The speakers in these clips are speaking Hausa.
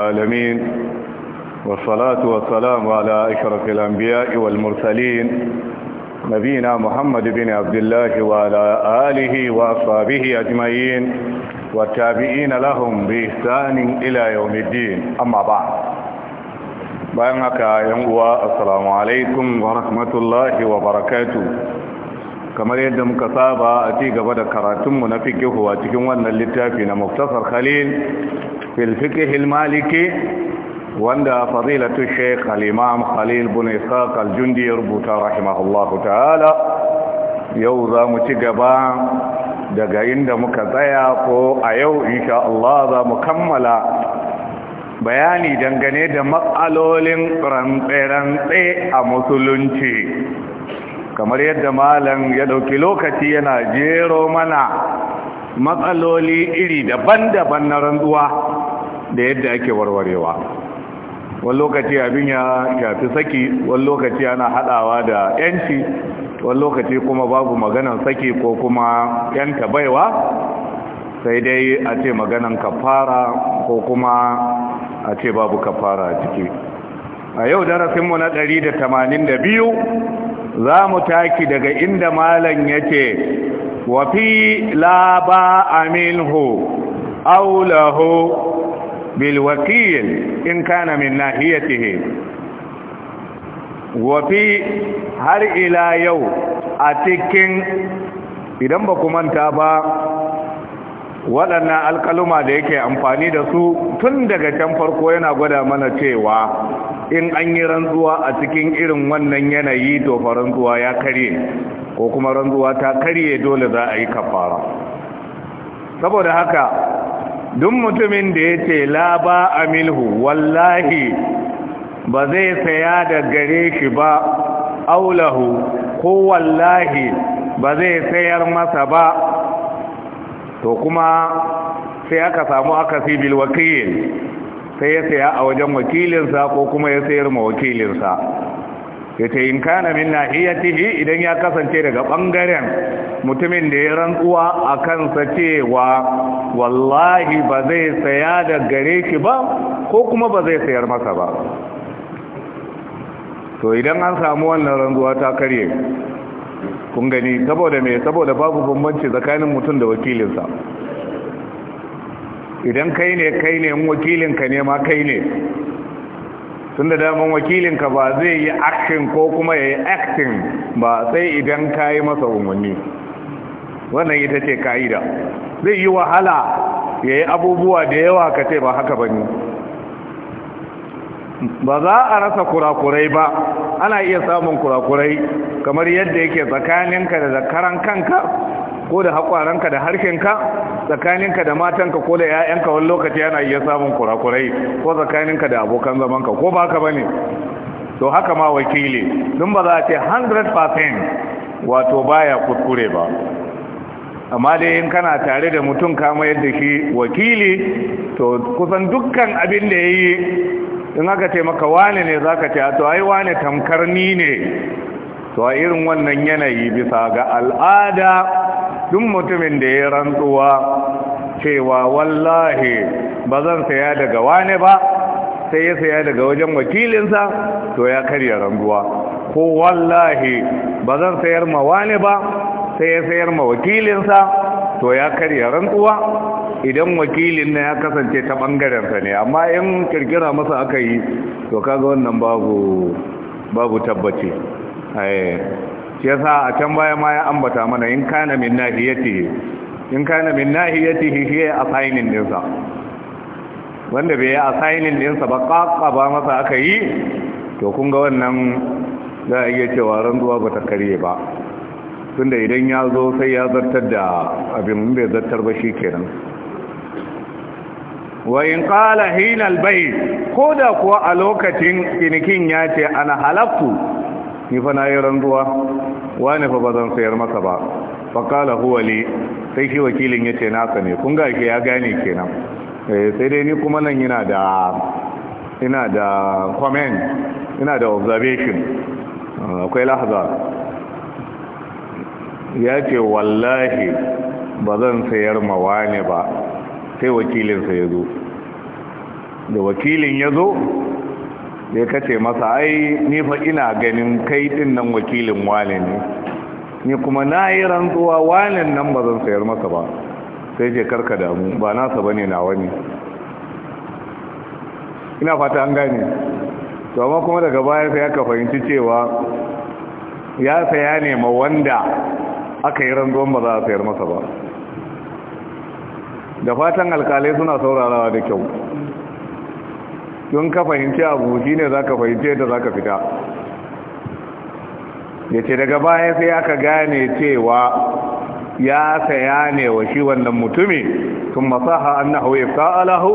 العالمين والصلاة والسلام على أشرف الأنبياء والمرسلين نبينا محمد بن عبد الله وعلى آله وأصحابه أجمعين والتابعين لهم بإحسان إلى يوم الدين أما بعد بأنك ينقوى السلام عليكم ورحمة الله وبركاته kamar yadda muka saba a ci gaba da karatunmu na fikihu a cikin wannan littafi na muktasar khalil fil fiqhil maliki wanda fadilatu shaykh al khalil bin ishaq al-jundi rubuta rahimahullahu ta'ala yau za mu ci gaba daga inda muka tsaya ko a yau insha Allah za mu kammala bayani dangane da matsalolin rantse-rantse a musulunci kamar yadda malam ya dauki lokaci yana jero mana matsaloli iri daban-daban na rantsuwa da yadda ake warwarewa wani lokaci abin ya shafi saki wani lokaci ana hadawa da yanci wani lokaci kuma babu maganan saki ko kuma yanta baiwa sai dai a ce maganan kafara ko kuma a ce babu kafara a ciki a yau darasinmu na da 182 za mu taki daga inda malan yake wafi laba aminhu aulahu بالوكيل in kana min ناحيته wafi har ila yau a cikin idan ba ku manta ba waɗannan alkaluma da yake amfani da su tun daga can farko yana gwada mana cewa in an yi rantsuwa a cikin irin wannan yanayi to rantsuwa ya karye ko kuma rantsuwa ta karye dole za a yi kafara saboda haka duk mutumin da ya ce la ba amilhu wallahi ba zai saya da gare shi ba aulahu ko wallahi ba zai sayar masa ba to kuma sai aka samu aka bil wakil sai ya saya a wajen wakilinsa ko kuma ya sayar ma wakilinsa ya ce in kana min tihi idan ya kasance daga ɓangaren mutumin da ya rantsuwa a kansa cewa wallahi ba zai saya da gare shi ba ko kuma ba zai sayar masa ba to idan an samu wannan rantsuwa ta karye kun gani saboda me saboda babu bambanci tsakanin mutum da wakilinsa idan kai ne kai ne wakilinka ne ma kai ne tun da daman wakilinka ba zai yi action ko kuma ya yi acting ba sai idan ka yi masa umarni wannan ita ce ka'ida zai yi wahala ya yi abubuwa da yawa ka ce ba haka ba ne ba za a rasa kurakurai ba ana iya samun kurakurai kamar yadda yake tsakaninka da zakaran kanka ko da haƙwaranka da harshenka tsakaninka da matanka ko da 'ya'yanka wani lokaci yana iya samun kurakurai ko tsakaninka da abokan zamanka ko ba ka ba to haka ma wakili don ba za a ce 100% wato baya kuskure ba amma dai in kana tare da mutum kama yadda shi wakili to kusan dukkan abin da ya yi in aka ce maka wane ne za ka ce to ai wane tamkar ni ne to a irin wannan yanayi bisa ga al'ada duk mutumin da ya rantsuwa cewa wallahi ba zan saya daga wane ba sai ya saya daga wajen wakilinsa to ya karya rantsuwa ko wallahi ba zan sayar ma wane ba sai ya sayar ma wakilinsa to ya karya rantsuwa idan wakilin na ya kasance ta bangarensa ne amma in kirkira masa aka yi to kaga wannan babu babu tabbaci eh. shi yasa a can baya ma ya ambata mana in kana min nahiyatihi in kana min nahiyatihi shi ya assigning dinsa wanda bai yi assigning dinsa ba ba masa aka yi to kun ga wannan za a iya cewa rantsuwa ba ta karye ba tunda idan ya zo sai ya zartar da abin bai zartar ba shi kenan wa in qala hina albay ko kuwa a lokacin kinikin yace ana halaktu ni fa na yi ruwa? wani fa ba zan sayar maka ba faƙala huwa li sai shi wakilin ya ce naka ne kun ga ya gane kenan eh, sai dai ni kuma nan yana da ina da comment ina da observation akwai lahaza ya ce wallahi ba zan sayar ma wani ba sai wakilinsa ya zo da wakilin ya zo sai ka ce masa ai ni fa ina ganin kai din nan wakilin wane ne ni kuma na yi rantsuwa wane nan ba zan sayar masa ba sai ce karka damu ba nasa ba ne nawa ne ina fata an gane to amma kuma daga baya sai aka fahimci cewa ya saya ne ma wanda aka yi rantsuwan ba za a sayar masa ba da fatan alkalai suna saurarawa da kyau don ka fahimci abu shi ne za ka fahimci yadda za ka fita ya ce daga baya sai aka gane cewa ya saya ne wa shi wannan mutumi tun masaha annahu ifta'alahu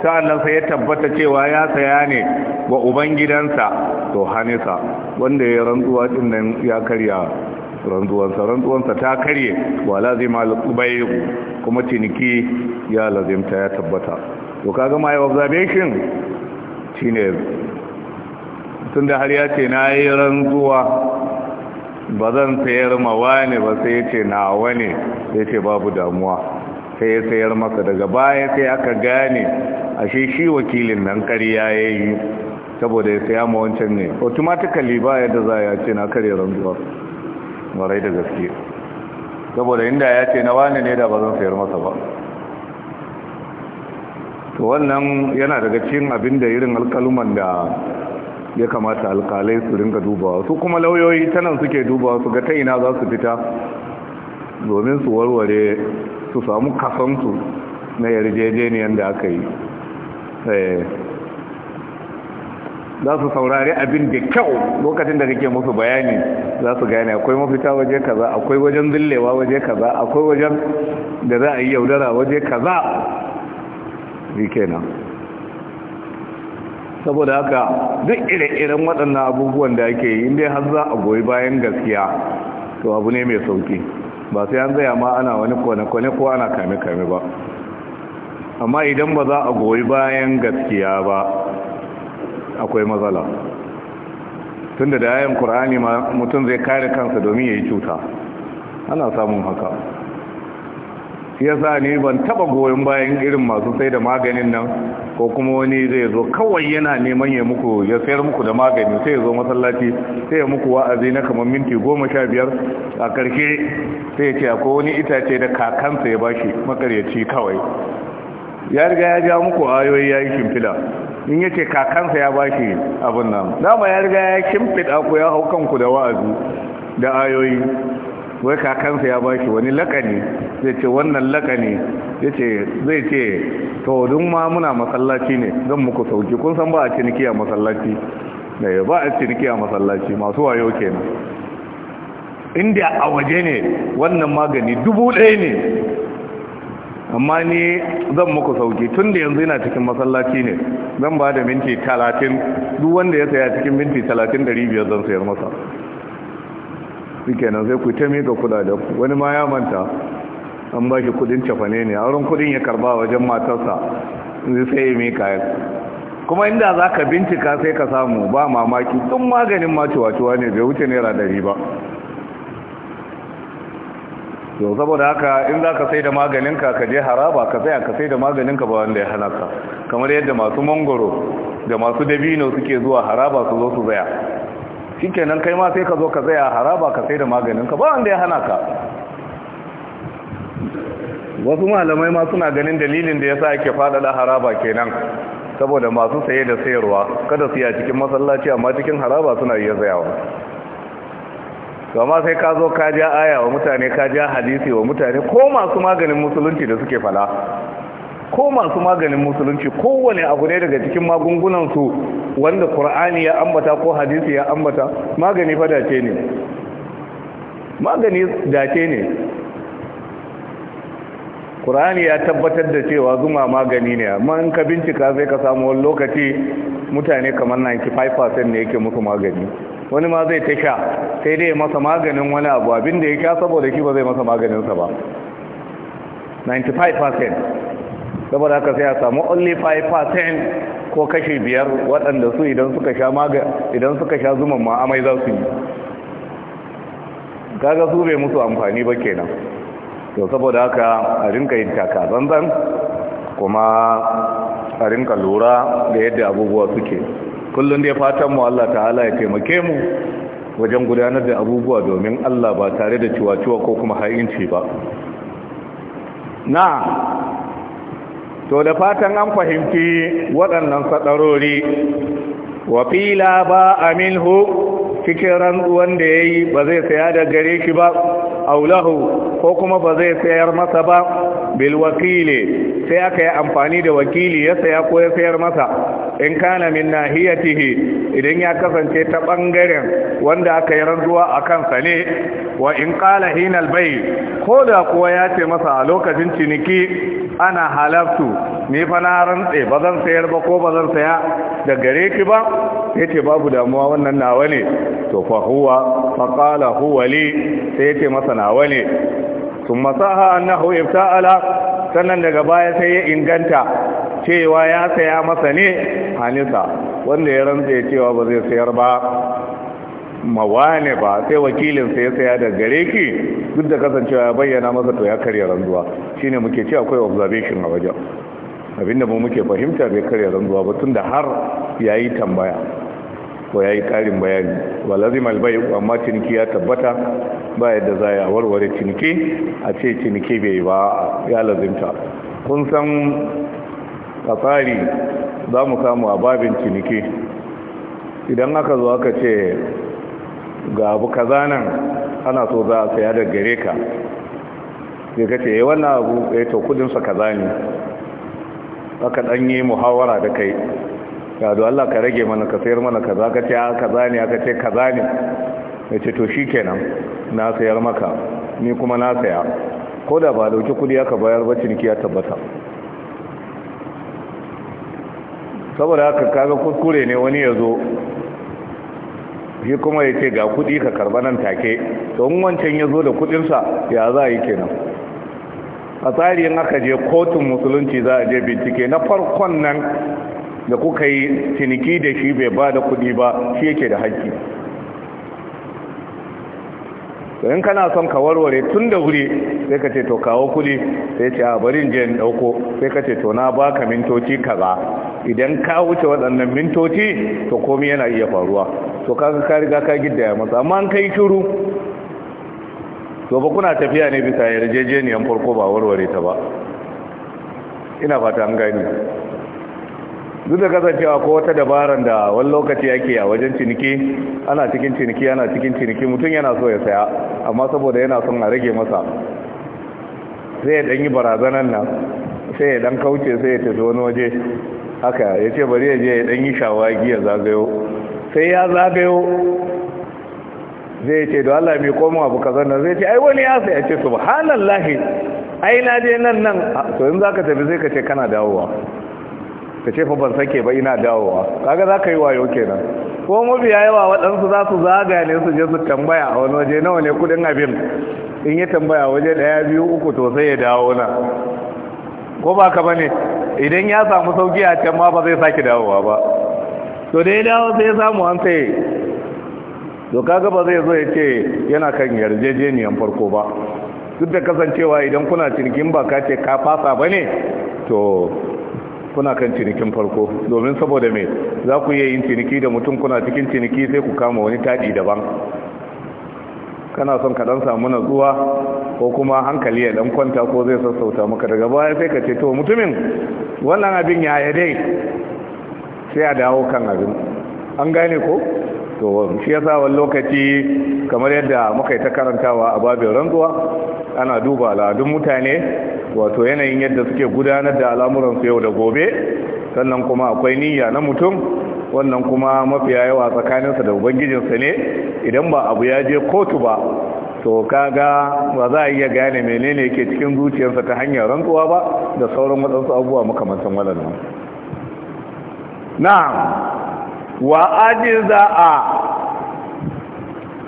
sa'annan sai ya tabbata cewa ya saya ne wa ubangidansa to wanda ya rantsuwa cin nan ya karya rantsuwansa rantsuwansa ta karye wa lazima al-qubayr kuma ciniki ya lazimta ya tabbata to kaga my observation shine tun da har ya ce na yi rantsuwa ba zan sayar ma wani ba sai ya ce na wani sai ce babu damuwa sai ya sayar masa daga baya sai aka gane a shi shi wakilin nan karya ya yi saboda ya saya ma wancan ne automatically ba yadda za ya ce na karya rantsuwa warai da gaske saboda inda ya ce na wani ne da ba zan sayar masa ba to wannan yana daga cikin abin da irin alkaluman da ya kamata alkalai su ringa dubawa su kuma lauyoyi ta nan suke dubawa su ga ta ina za su fita domin su warware su samu kasansu na yarjejeniyar da aka yi eh, za su saurari abin da kyau lokacin da kake musu bayani za su gane akwai mafita waje kaza akwai wajen zillewa waje kaza akwai wajen da za a yi yaudara waje kaza shi kenan saboda haka duk ire-iren waɗannan abubuwan da ake yi inda har za a goyi bayan gaskiya to abu ne mai sauki ba sai an zaya ma ana wani kone-kone ko ana kame-kame ba amma idan ba za a goyi bayan gaskiya ba akwai matsala tun da dayan ƙur'ani mutum zai kare kansa domin ya yi cuta ana samun haka Yasa sa ni ban taba goyon bayan irin masu sai da maganin nan ko kuma wani zai zo kawai yana neman ya muku ya sayar muku da magani sai ya zo masallaci sai ya muku wa'azi na kamar minti goma sha biyar a karshe sai ya ce akwai wani itace da kakansa ya bashi makaryaci kawai ya riga ya ja muku ayoyi ya yi shimfida in yace kakansa ya bashi abin nan dama ya riga ya shimfida ku ya hau kanku da wa'azi da ayoyi wai kakansa ya bashi wani lakani zai ce wannan lakani ya ce zai ce taudun ma muna masallaci ne zan muku sauki kun san ba a ciniki a masallaci da eh, ba a ciniki a masallaci masu wayo kenan inda a waje ne wannan magani dubu ɗaya ne amma ni zan muku sauki tun da yanzu yana cikin masallaci ne zan ba da minti talatin duk wanda ya saya cikin minti talatin ɗari biyar zan sayar masa suke nan sai ku ta miƙa kudaden wani ma ya manta an ba shi kudin cefane ne wurin kudin ya karba wajen matarsa sai ya mika ya kuma inda za ka bincika sai ka samu ba mamaki tun maganin maciwaciwa ne bai wuce naira ɗari ba yau saboda haka in za ka sai da maganinka ka je haraba ka tsaya ka sai da maganinka ba wanda ya hana ka kamar yadda masu mangoro da masu dabino suke zuwa haraba su zo su zaya kenan kai ma sai ka zo ka a haraba ka sai da maganin ba wanda ya hana ka wasu malamai ma suna ganin dalilin da ya sa ake faɗaɗa haraba kenan saboda masu saye da sayarwa kada su yi a cikin masallaci amma cikin haraba suna iya zayawa. kama sai ka zo ka ja aya wa mutane ka ja hadisi wa mutane ko masu maganin musulunci da suke fala ko masu maganin musulunci kowane abu ne daga cikin magungunansu wanda Kur'ani ya ambata ko hadisi ya ambata magani fa dace ne magani dace ne Kur'ani ya tabbatar da cewa zuma magani ne amma in ka bincika sai ka samu wani lokaci mutane kamar 95% ne yake musu magani wani ma zai ta sha sai dai masa maganin wani abu abinda ya sha saboda shi ba zai masa maganinsa ba 95% saboda haka sai a samu only 5% ko kashi biyar waɗanda su idan suka sha maga idan suka sha zuman ma amai za su yi kaga su bai musu amfani ba kenan to saboda haka a rinka yin taka zanzan kuma a rinka lura da yadda abubuwa suke kullum dai fatan mu Allah ta'ala ya taimake mu wajen gudanar da abubuwa domin Allah ba tare da ciwa-ciwa ko kuma ha'inci ba na to da fatan an fahimci waɗannan sadarori fila ba a cikin rantsuwan da ya yi ba zai saya da gare shi ba aulahu ko kuma ba zai sayar masa ba wakili sai aka yi amfani da wakili ya saya ko ya sayar masa in kana min nahiyatihi idan ya kasance ta bangaren wanda aka yi rantsuwa a kansa ne wa in kala hinal bai? ko da kuwa ya ce masa a lokacin ciniki ana halaftu ni fa na rantse ba zan sayar ba ko ba zan saya da gare ki ba yace babu damuwa wannan nawa ne to fa huwa fa qala huwa li sai yace masa nawa ne thumma saha annahu ibta'ala sannan daga baya sai ya inganta cewa ya saya masa ne hanisa wanda ya rantse cewa ba zai sayar ba mawane ba sai wakilin sai ya saya da gare ki duk da kasancewa ya bayyana masa to ya karya ranzuwa shine muke ce akwai observation a wajen abinda mu muke fahimta bai karya ranzuwa ba tunda har yayi tambaya ko yayi karin bayani walazim lazim albay amma ciniki ya tabbata ba yadda za ya warware ciniki a ce ciniki bai ba ya lazimta kun san tsari za mu samu a babin ciniki idan aka zo aka ce ga abu kaza nan ana so za a saya da gare ka sai ka ce eh, wannan abu ya eh, to kudinsa kaza ne aka ɗan yi muhawara da kai ya zo Allah ka rage mana ka sayar mana kaza ka ce a, ah, kaza ne aka ce kaza ne ya ce to shi kenan, na sayar maka ni kuma na saya ko da ba dauki kudi aka bayar ba ciniki ya tabbata saboda haka kaga kuskure ne wani ya zo shi kuma ya ce ga kudi ka karba nan take don wancan ya zo da kudinsa ya za a yi kenan a tsarin aka je kotun musulunci za a je bincike na farkon nan da kuka yi ciniki da shi bai ba da kudi ba shi yake da haƙƙi in kana son ka warware tun da wuri sai ka ce to kawo kudi sai ce a barin je in dauko sai ka ce to na baka mintoci kaza idan ka wuce waɗannan mintoci to komai yana iya faruwa to kaga ka riga ka gidda masa amma an kai shiru to ba kuna tafiya ne bisa yarjejeniyan farko ba warware ta ba ina fata an gani duk da kasancewa ko wata dabaran da wani lokaci yake a wajen ciniki ana cikin ciniki ana cikin ciniki mutum yana so ya saya amma saboda yana son a rage masa sai ya dan yi barazanan nan sai ya dan kauce sai ya tafi wani waje haka ya ce bari ya je ya dan yi shawagi ya zagayo sai ya zagayo zai ce da Allah mai komo abu ka nan zai ce ai wani ya sai ya ce subhanallahi ai na je nan nan to in zaka tafi zai ka ce kana dawowa ka ce fa ban sake ba ina dawowa kaga zaka yi wayo kenan ko mabiya yawa waɗansu za su zaga ne su je su tambaya a wani waje nawa ne kudin abin in ya tambaya waje ɗaya biyu uku to sai ya dawo na ko ba ka bane idan ya samu sauki a can ma ba zai sake dawowa ba to da ya dawo sai ya samu an sai to kaga ba zai zo ya ce yana kan yarjejeniyan farko ba duk da kasancewa idan kuna cinikin ba ka ce ka fasa ba ne to kuna kan cinikin farko domin saboda mai za ku iya yin ciniki da mutum kuna cikin ciniki sai ku kama wani taɗi daban kana son ka dan samu natsuwa ko kuma hankali ya ɗan kwanta ko zai sassauta maka daga baya sai ka ce to mutumin wannan abin ya dai sai a dawo kan abin an gane ko to shi yasa wani lokaci kamar yadda muka yi ta karantawa a babin rantsuwa ana duba al'adun mutane wato yanayin yadda suke gudanar da al'amuransu yau da gobe sannan kuma akwai niyya na mutum wannan kuma mafiya yawa tsakaninsa da ubangijinsa ne idan ba abu ya je kotu ba to kaga ba za a iya gane menene yake cikin zuciyarsa ta hanyar rantsuwa ba da sauran waɗansu abubuwa makamantan waɗannan na'am wa ajza'a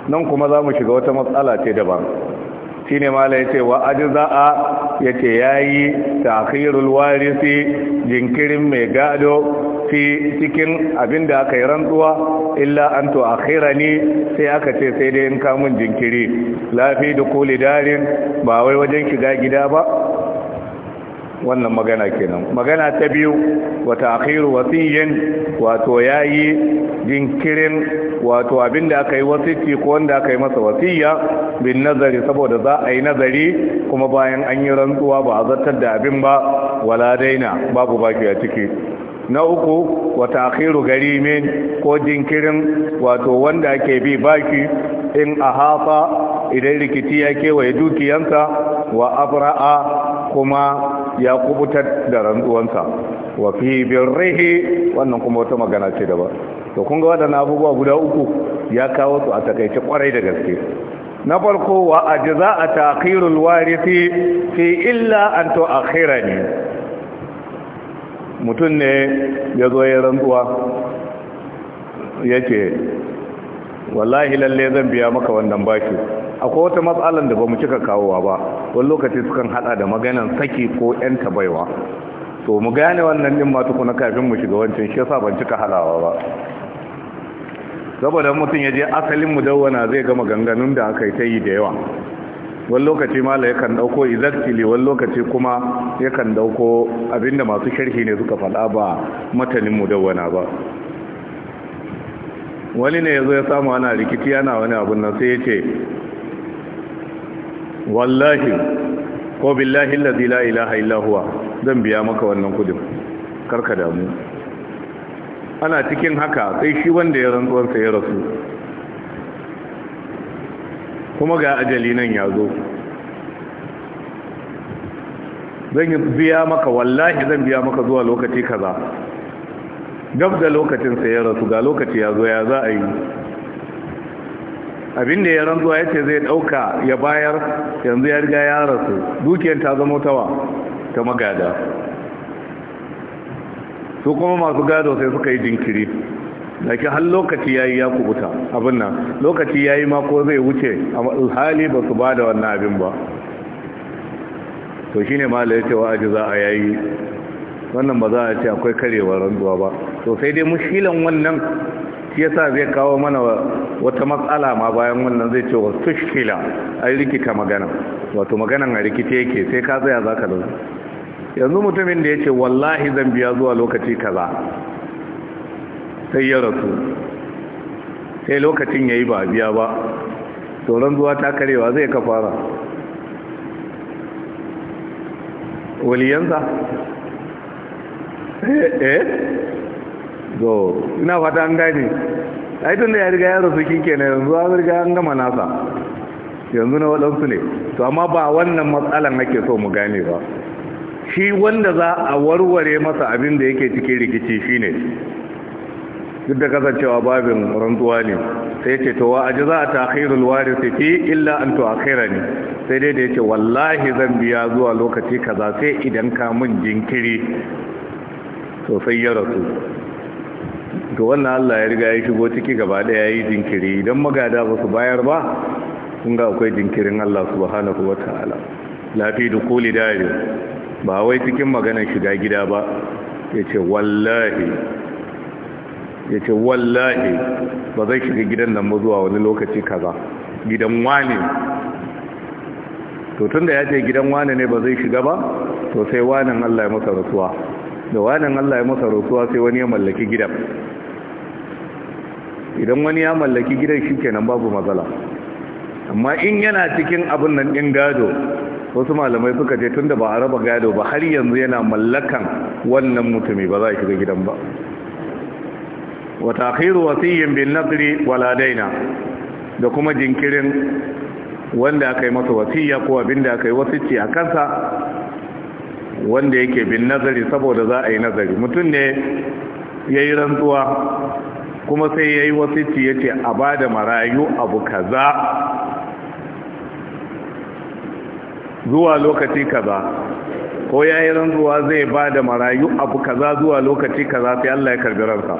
nan kuma za mu shiga wata matsala ce daban shine mala yace wa ajza'a yace yayi ta'khirul warisi jinkirin mai gado fi cikin abinda aka yi rantsuwa illa an to ni sai aka ce sai dai in ka mun jinkiri lafi da darin ba wai wajen shiga gida ba wannan magana kenan magana ta biyu wa ta'khiru wasiyyin wato yayi jinkirin wato abinda aka yi wasiti ko wanda aka yi masa wasiya bin nazari saboda za a yi nazari kuma bayan an yi rantsuwa ba a zartar da abin ba wala daina babu baki a ciki na uku wata akhiru garimin ko jinkirin wato wanda ake bi baki in a hafa idan rikici ya kewaye dukiyansa wa abra'a kuma ya kubutar da rantsuwansa wa fi birrihi wannan kuma wata magana ce daban to kun ga wadannan abubuwa guda uku ya kawo su a takaice kwarai da gaske na farko wa ajza a takhirul warisi fi illa an tu'akhirani mutum ne ya zo ya rantsuwa yace wallahi lalle zan biya maka wannan bashi akwai wata matsalan da ba mu cika kawowa ba wani lokaci sukan hada da maganan saki ko yan tabaiwa to mu gane wannan din ma tukuna kafin mu shiga wancan shi yasa ban cika halawa ba saboda mutum ya je asalin mu dawwana zai gama ganganun da aka yi ta yi da yawa wani lokaci mala yakan dauko izartili wani lokaci kuma yakan dauko abinda masu sharhi ne suka faɗa ba matanin dawwana ba wani ne ya zo ya samu ana rikici yana wani abun nan sai ya ce wallahi ko billahi allazi la ilaha illa huwa zan biya maka wannan kudin karka damu ana cikin haka sai shi wanda ya rantsuwar sa ya rasu kuma ga ajali nan ya zo zan biya maka wallahi zan biya maka zuwa lokaci kaza gab da lokacin sa ya rasu ga lokaci ya zo ya za a yi Abin da ya rantsuwa ya ce zai ɗauka ya bayar yanzu ya riga ya rasu dukiyar ta zama tawa ta magada su kuma masu gado sai suka yi jinkiri ke hal lokaci ya yi ya kubuta abin nan lokaci ya yi mako zai wuce a hali ba su bada wannan abin ba to shi ne ma yace wa aji za a yayi wannan ba za a ce akwai karewar rantsuwa ba to sai dai mushilan wannan shi yasa zai kawo mana wata matsala ma bayan wannan zai ce wa tushkila ai rikita magana wato maganan a rikice yake sai ka tsaya ka dauki yanzu mutumin da ya ce wallahi zan biya zuwa lokaci kaza sai ya rasu sai lokacin ya yi ba biya ba tsoron zuwa ta karewa zai fara waliyansa eh eh so ina fata an gane ai tun da ya riga ya rasu kinke na yanzu an riga an gama nasa yanzu na waɗansu ne to amma ba wannan matsalan nake so mu gane ba shi wanda za a warware masa abin da yake cikin rikici shine duk da kasancewa babin rantsuwa ne sai ce to wa aji za a wari su fi illa an ne sai dai da yace wallahi zan biya zuwa lokaci kaza sai idan ka mun jinkiri sosai ya rasu to wannan Allah ya riga ya shigo ciki gaba daya yi jinkiri idan magada ba su bayar ba kun ga akwai jinkirin Allah subhanahu wataala lafi dukuli dare ba wai cikin maganar shiga gida ba yace wallahi yace wallahi ba zai shiga gidan nan zuwa wani lokaci kaza gidan wani to tunda ya gidan wani ne ba zai shiga ba to sai wanin Allah ya masa rasuwa da wanin Allah ya masa rasuwa sai wani ya mallaki gidan idan wani ya mallaki gidan shi kenan babu matsala amma in yana cikin abin nan ɗin gado wasu malamai suka ce tunda ba a raba gado ba har yanzu yana mallakan wannan mutumi ba za a shiga gidan ba wa takhiru wasiyyin bin naqri wala daina da kuma jinkirin wanda aka yi masa wasiyya ko abin da aka yi wasicci a kansa wanda yake bin nazari saboda za a yi nazari mutum ne ya yi rantsuwa kuma sai ya yi wasiti ciye ce a ba da marayu abu kaza zuwa lokaci kaza ko ya yi zuwa zai ba da marayu abu kaza zuwa lokaci kaza sai Allah ya karbi ransa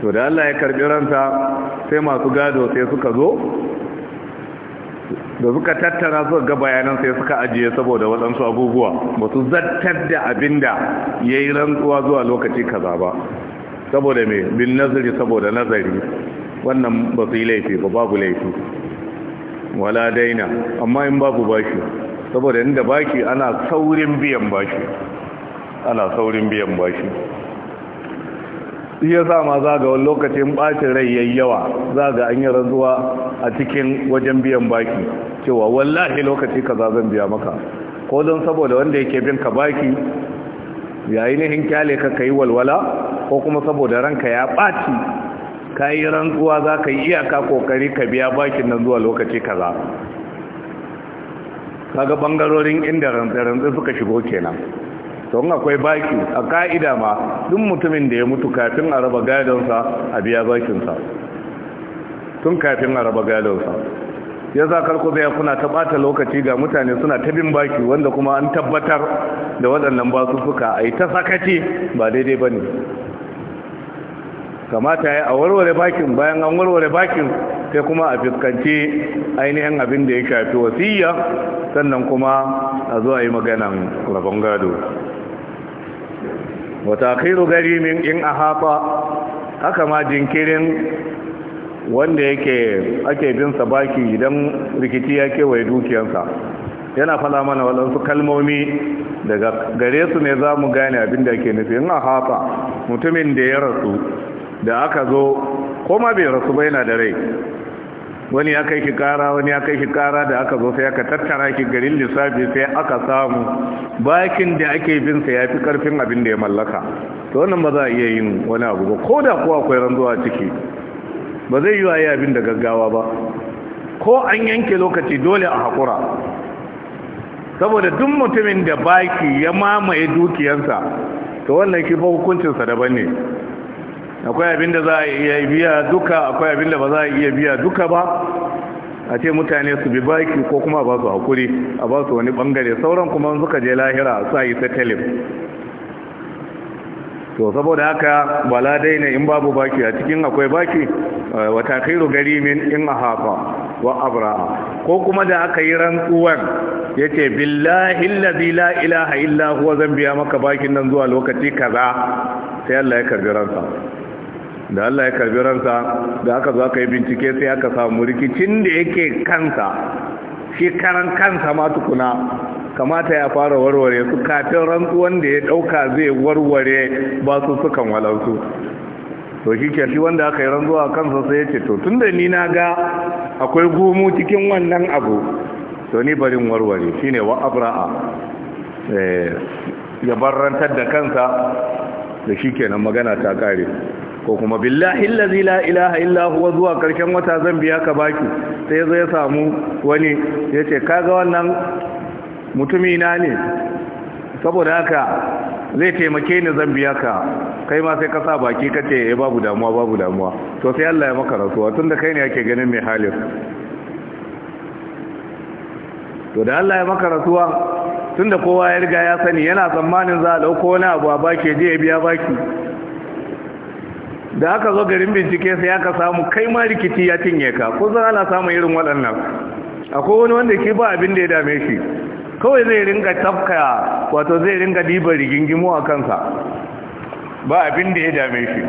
to da Allah ya karbi ransa sai masu gado sai suka zo da suka tattara suka ga bayanan sai suka ajiye saboda waɗansu abubuwa ba su zartar da abinda ya yi rantsuwa zuwa lokaci kaza ba saboda mai bin nazari saboda nazari wannan ba su yi laifi ba babu laifi wala daina amma in babu bashi saboda inda baki ana saurin biyan bashi ana saurin biyan bashi iya sa ma za ga wani lokacin bacin rai yayi yawa za ga an yi razuwa a cikin wajen biyan baki cewa wallahi lokaci za zan biya maka ko don saboda wanda yake bin ka baki yayin hin kyale ka kai walwala ko kuma saboda ranka ya ɓaci ka yi rantsuwa za ka yi iyaka kokari ka biya bakin nan zuwa lokaci kaza kaga ɓangarorin inda rantsu suka shigo kenan don akwai baki a ka'ida ma duk mutumin da ya mutu kafin a raba gadonsa a biya bakinsa tun kafin a raba gadonsa ya za karku zai kuna ta bata lokaci ga mutane suna ta bin baki wanda kuma an tabbatar da waɗannan basu suka a yi ta sakaci ba daidai ba ne kamata ya a warware bakin bayan an warware bakin sai kuma a fuskanci ainihin abin da ya shafi wasiya sannan kuma a zo a yi maganan rabon gado wata akiru gari min in a hafa haka ma jinkirin wanda yake ake binsa baki idan rikici ya kewaye dukiyansa yana fala mana waɗansu kalmomi daga gare su ne za mu gane abin da ke nufi in a hafa mutumin da ya rasu da aka zo koma bai rasu ba yana da rai wani ya kai kara wani ya kai kara da aka zo sai aka tattara ki garin lissafi sai aka samu bakin da ake bin sa yafi karfin abin da ya mallaka to wannan ba za a iya yin wani abu ba ko da kuwa akwai ranzuwa ciki ba zai yi wa abin da gaggawa ba ko an yanke lokaci dole a hakura saboda duk mutumin da baki ya mamaye dukiyansa to wannan kifa hukuncinsa daban ne akwai abin da za a iya biya duka akwai abin da ba za a iya biya duka ba a ce mutane su bi baki ko kuma ba su hakuri a ba su wani bangare sauran kuma suka je lahira a sa yi tattalin to saboda haka bala daina in babu baki a cikin akwai baki wata eh, wa gari min in ahafa wa abra'a ko kuma da aka yi rantsuwan yace billahi allazi la ilaha illa huwa zan biya maka bakin nan zuwa lokaci kaza sai Allah ya karbi ransa da Allah ya karbi ransa da aka zo aka yi bincike sai aka samu rikicin da yake kansa shi karan kansa ma tukuna kamata ya fara warware su kafin rantsuwan da ya dauka zai warware ba su sukan walansu to shi ke shi wanda aka yi rantsuwa kansa sai ya ce to tunda ni na ga akwai gumu cikin wannan abu to ni barin warware shine wa abra'a eh, ya barantar da kansa da shi kenan magana ta kare ko kuma billahi allazi la ilaha illa huwa zuwa karshen wata zan biya ka baki sai zai samu wani yace kaga wannan mutumi na ne saboda haka zai taimake ni zan biya ka kai ma sai ka sa baki ka ce eh babu damuwa babu damuwa to sai Allah ya maka rasuwa tunda kai ne yake ganin mai halin to da Allah ya maka rasuwa tunda kowa ya riga ya sani yana tsammanin za a dauko wani abu a baki je ya biya baki da aka zo garin bincike sai aka samu kai ma rikici ya cinye ka ko zan ana samun irin waɗannan akwai wani wanda ke ba abin da ya dame shi kawai zai ringa tafka wato zai ringa diba rigingimo a kansa ba abin da ya dame shi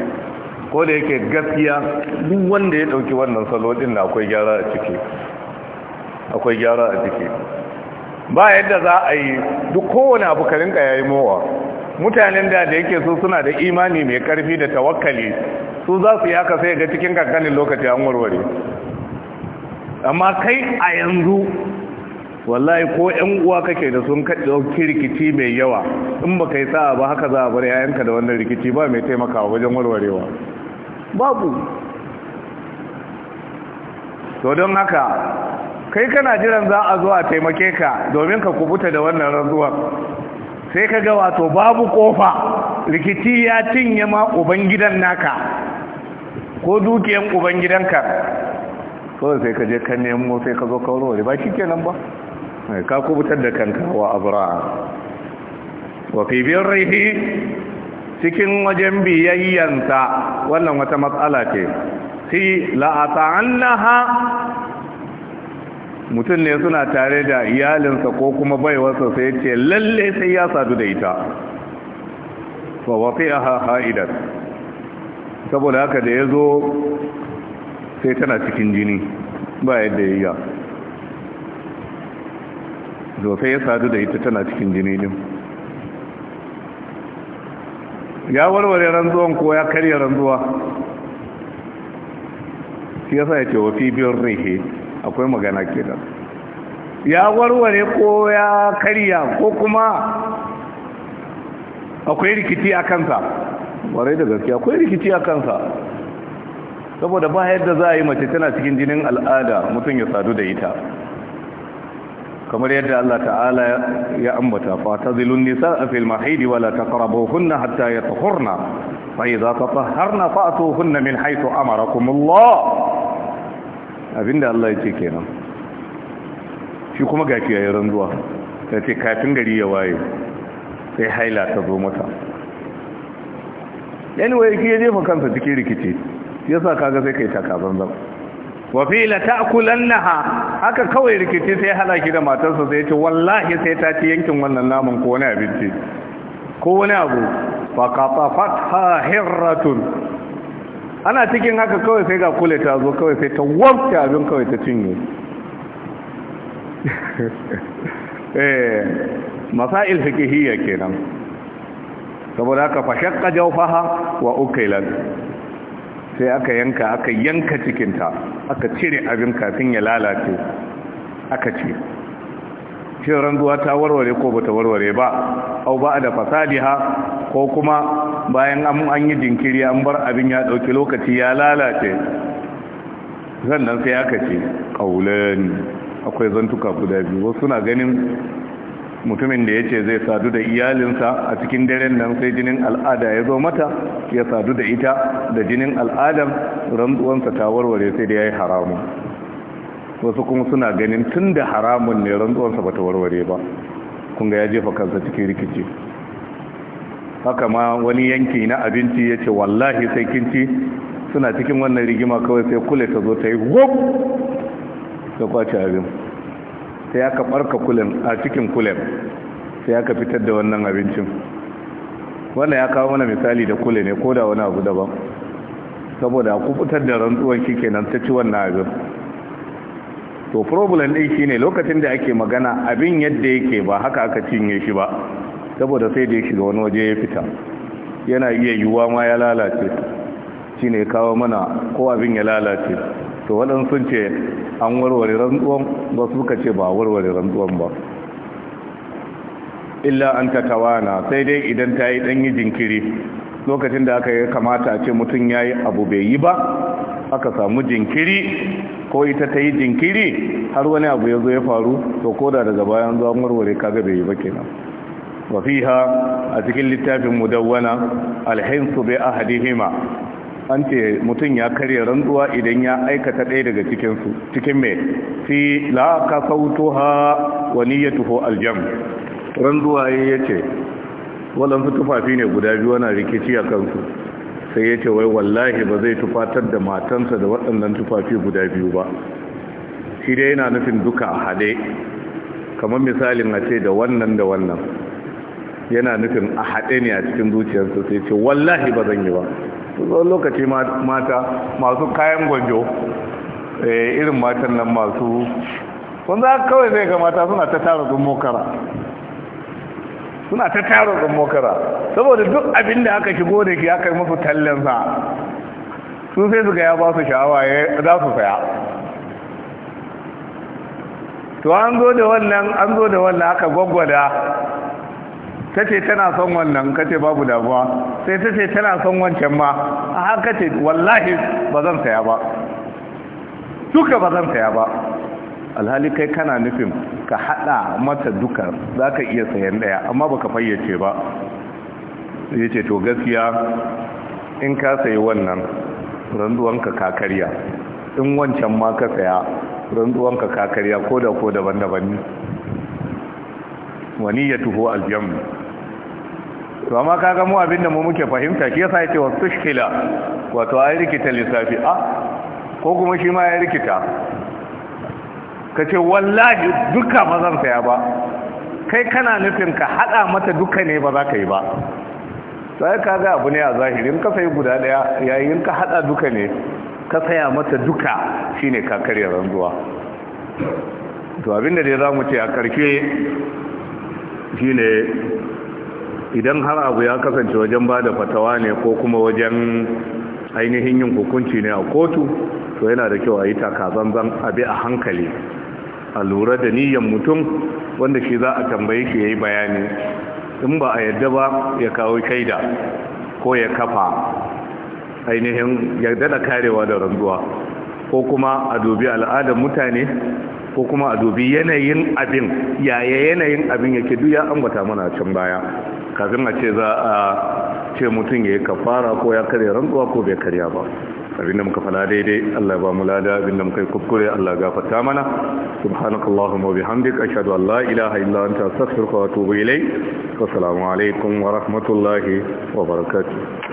ko da yake gaskiya duk wanda ya ɗauki wannan salo ɗin na akwai gyara a ciki akwai gyara a ciki ba yadda za a yi duk kowane abu ka rinka yayi mowa mutanen da da yake so suna da imani mai karfi da tawakkali su za su yaka sai ga cikin kankanin lokaci an warware amma kai a yanzu wallahi ko yan uwa kake da sun ɗauki rikici mai yawa in baka yi sa'a ba haka za a bar yayanka da wannan rikici ba mai taimakawa wajen warwarewa babu to don haka kai kana jiran za a zo a taimake ka domin ka kubuta da wannan rantsuwar sai ka ga wato babu kofa rikici ya cinye ma ubangidan naka ko dukiyan ubangidanka kawai sai ka je ka nemo sai ka zo kawo da ba shi kenan ba eh, ka kubutar da kanka wa abra'a wa fi birrihi cikin wajen biyayyansa wannan wata matsala ce fi la'ata'annaha mutum ne suna tare da iyalinsa ko kuma baiwarsa sai ce lalle sai ya sadu da ita wafi a ha'idat saboda haka da ya zo sai tana cikin jini ba yadda ya yayya zo sai ya sadu da ita tana cikin jini din ya warware ranzuwan ko ya karya ranzuwa shi sa ya ce wafi biyar rai akwai magana kenan ya warware ko ya karya ko kuma akwai rikici a kansa warai da gaskiya akwai rikici a kansa saboda ba yadda za a yi mace tana cikin jinin al'ada mutum ya sadu da ita kamar yadda Allah ta'ala ya ambata fa nisa a filma haidi wala hunna hatta ya har fa fa'a tatahharna fa'tuhunna min haisu amarakum Allah abinda Allah ya ce kenan shi kuma gashi yayin ranzuwa ta ce kafin gari ya waye sai haila ta zo mata anyway ki ya jefa kansa cikin rikici yasa kaga sai kai taka banza wa fi la ta'kulannaha haka kawai rikici sai halaki da matarsa sai ce wallahi sai ta ci yankin wannan naman ko wani abinci ko wani abu fa qatafat hirratun ana cikin haka kawai sai ga kule ta zo kawai sai ta wafce abin kawai ta cinye eh masail fikihiyya kenan saboda haka fa shaqqa jawfaha wa ukailan sai aka yanka aka yanka cikinta aka cire abin kafin ya lalace aka ce shi ranzuwa ta warware ko bata warware ba au ba da fasadiha ko kuma bayan an yi jinkiri an bar abin ya ɗauki lokaci ya lalace sannan sai aka ce kaulani akwai zantuka guda biyu wasu na ganin mutumin da ya ce zai sadu da iyalinsa a cikin daren nan sai jinin al'ada ya zo mata ya sadu da ita da jinin al'adar rantsuwansa ta warware sai da ya yi haramun wasu kuma suna ganin tun da haramun ne rantsuwansa ba ta warware ba kunga ya jefa kansa cikin rikici haka ma wani yanki na abinci ya ce wallahi sai kinci suna cikin wannan rigima kawai sai kule ta zo ta yi gob ta kwace abin sai aka barka kulen a cikin kulen sai aka fitar da wannan abincin wannan ya kawo mana misali da kule ne ko da wani abu daban saboda ku fitar da rantsuwan shi kenan ta ci wannan abin to problem shi ne lokacin da ake magana abin yadda yake ba haka aka cinye shi ba saboda sai da ya shiga wani waje ya fita yana iya yiwuwa ma ya lalace shi ne kawo mana ko abin ya lalace to waɗansu sun ce an warware rantsuwan ba su ka ce ba warware rantsuwan ba illa an ta tawana sai dai idan ta yi ɗanyi jinkiri lokacin da aka yi kamata a ce mutum ya yi abu bai yi ba aka samu jinkiri ko ita ta yi jinkiri har wani abu ya zo ya faru to koda daga bayan zuwa warware kaga bai yi ba kenan wafiha a cikin littafin mudawwana alhainsu bai ahadihima an ce mutum ya karya rantsuwa idan ya aikata ɗaya daga cikinsu cikin mai fi la ka sautu ha wa niyyatuhu aljam rantsuwa ya ce waɗansu tufafi ne guda biyu na rikici a kansu sai ya ce wai wallahi ba zai tufatar da matansa da waɗannan tufafi guda biyu ba shi dai yana nufin duka a haɗe kamar misalin a ce da wannan da wannan yana nufin a haɗe ne a cikin zuciyarsu sai ce wallahi ba zan yi ba zuwan lokaci mata masu kayan gwanjo eh, irin matan nan masu wanda kawai zai ga mata suna ta tara zumo mokara suna ta tara zumo mokara saboda duk abin da aka shigo da ke aka yi musu sa sun sai su ga ya ba su sha'awa ya za su saya to an zo da wannan an zo da wannan aka gwaggwada ta ce tana son wannan ka ce babu damuwa sai ta ce tana son wancan ma a haka ce wallahi ba zan saya ba duka ba zan saya ba alhali kai kana nufin ka hada mata duka za ka iya sayan daya amma baka fayyace ba ya ce to gaskiya in ka sayi wannan randuwanka ka karya in wancan ma ka saya randuwanka ka karya ko da ko daban-daban ne wani ya tuho aljamu to amma kaga mu abinda mu muke fahimta shi yasa wasu shikila wato ayi rikita lissafi a ah, ko kuma shi ma ya rikita kace wallahi duka ba zan saya ba kai kana nufin ka hada mata duka ne ba za ka yi ba sai kaga abu ne a zahirin ka sai guda daya yayin ka hada duka ne ka saya mata duka shine ka karya ranzuwa to abinda dai zamu ce a karshe shine idan har abu ya kasance wajen ba da fatawa ne ko kuma wajen ainihin yin hukunci ne a kotu to yana da kyau a yi takazanzan abi a hankali a lura da niyyar mutum wanda shi za a tambaye shi ya yi bayani in ba a yadda ba ya kawo shaida ko ya kafa ainihin ya dada karewa da ranzuwa ko kuma a dubi al'adar mutane ko kuma a dubi yanayin abin yaya yanayin abin yake duya ambata mana can baya kafin a ce za a ce mutum ya yi kafara ko ya karya rantsuwa ko bai karya ba abin da muka fada daidai Allah ba mu lada abin da muka yi kuskure Allah gafarta mana subhanakallahumma wa bihamdika ashhadu an la ilaha illa anta astaghfiruka wa atubu ilayk wa assalamu alaikum wa rahmatullahi wa barakatuh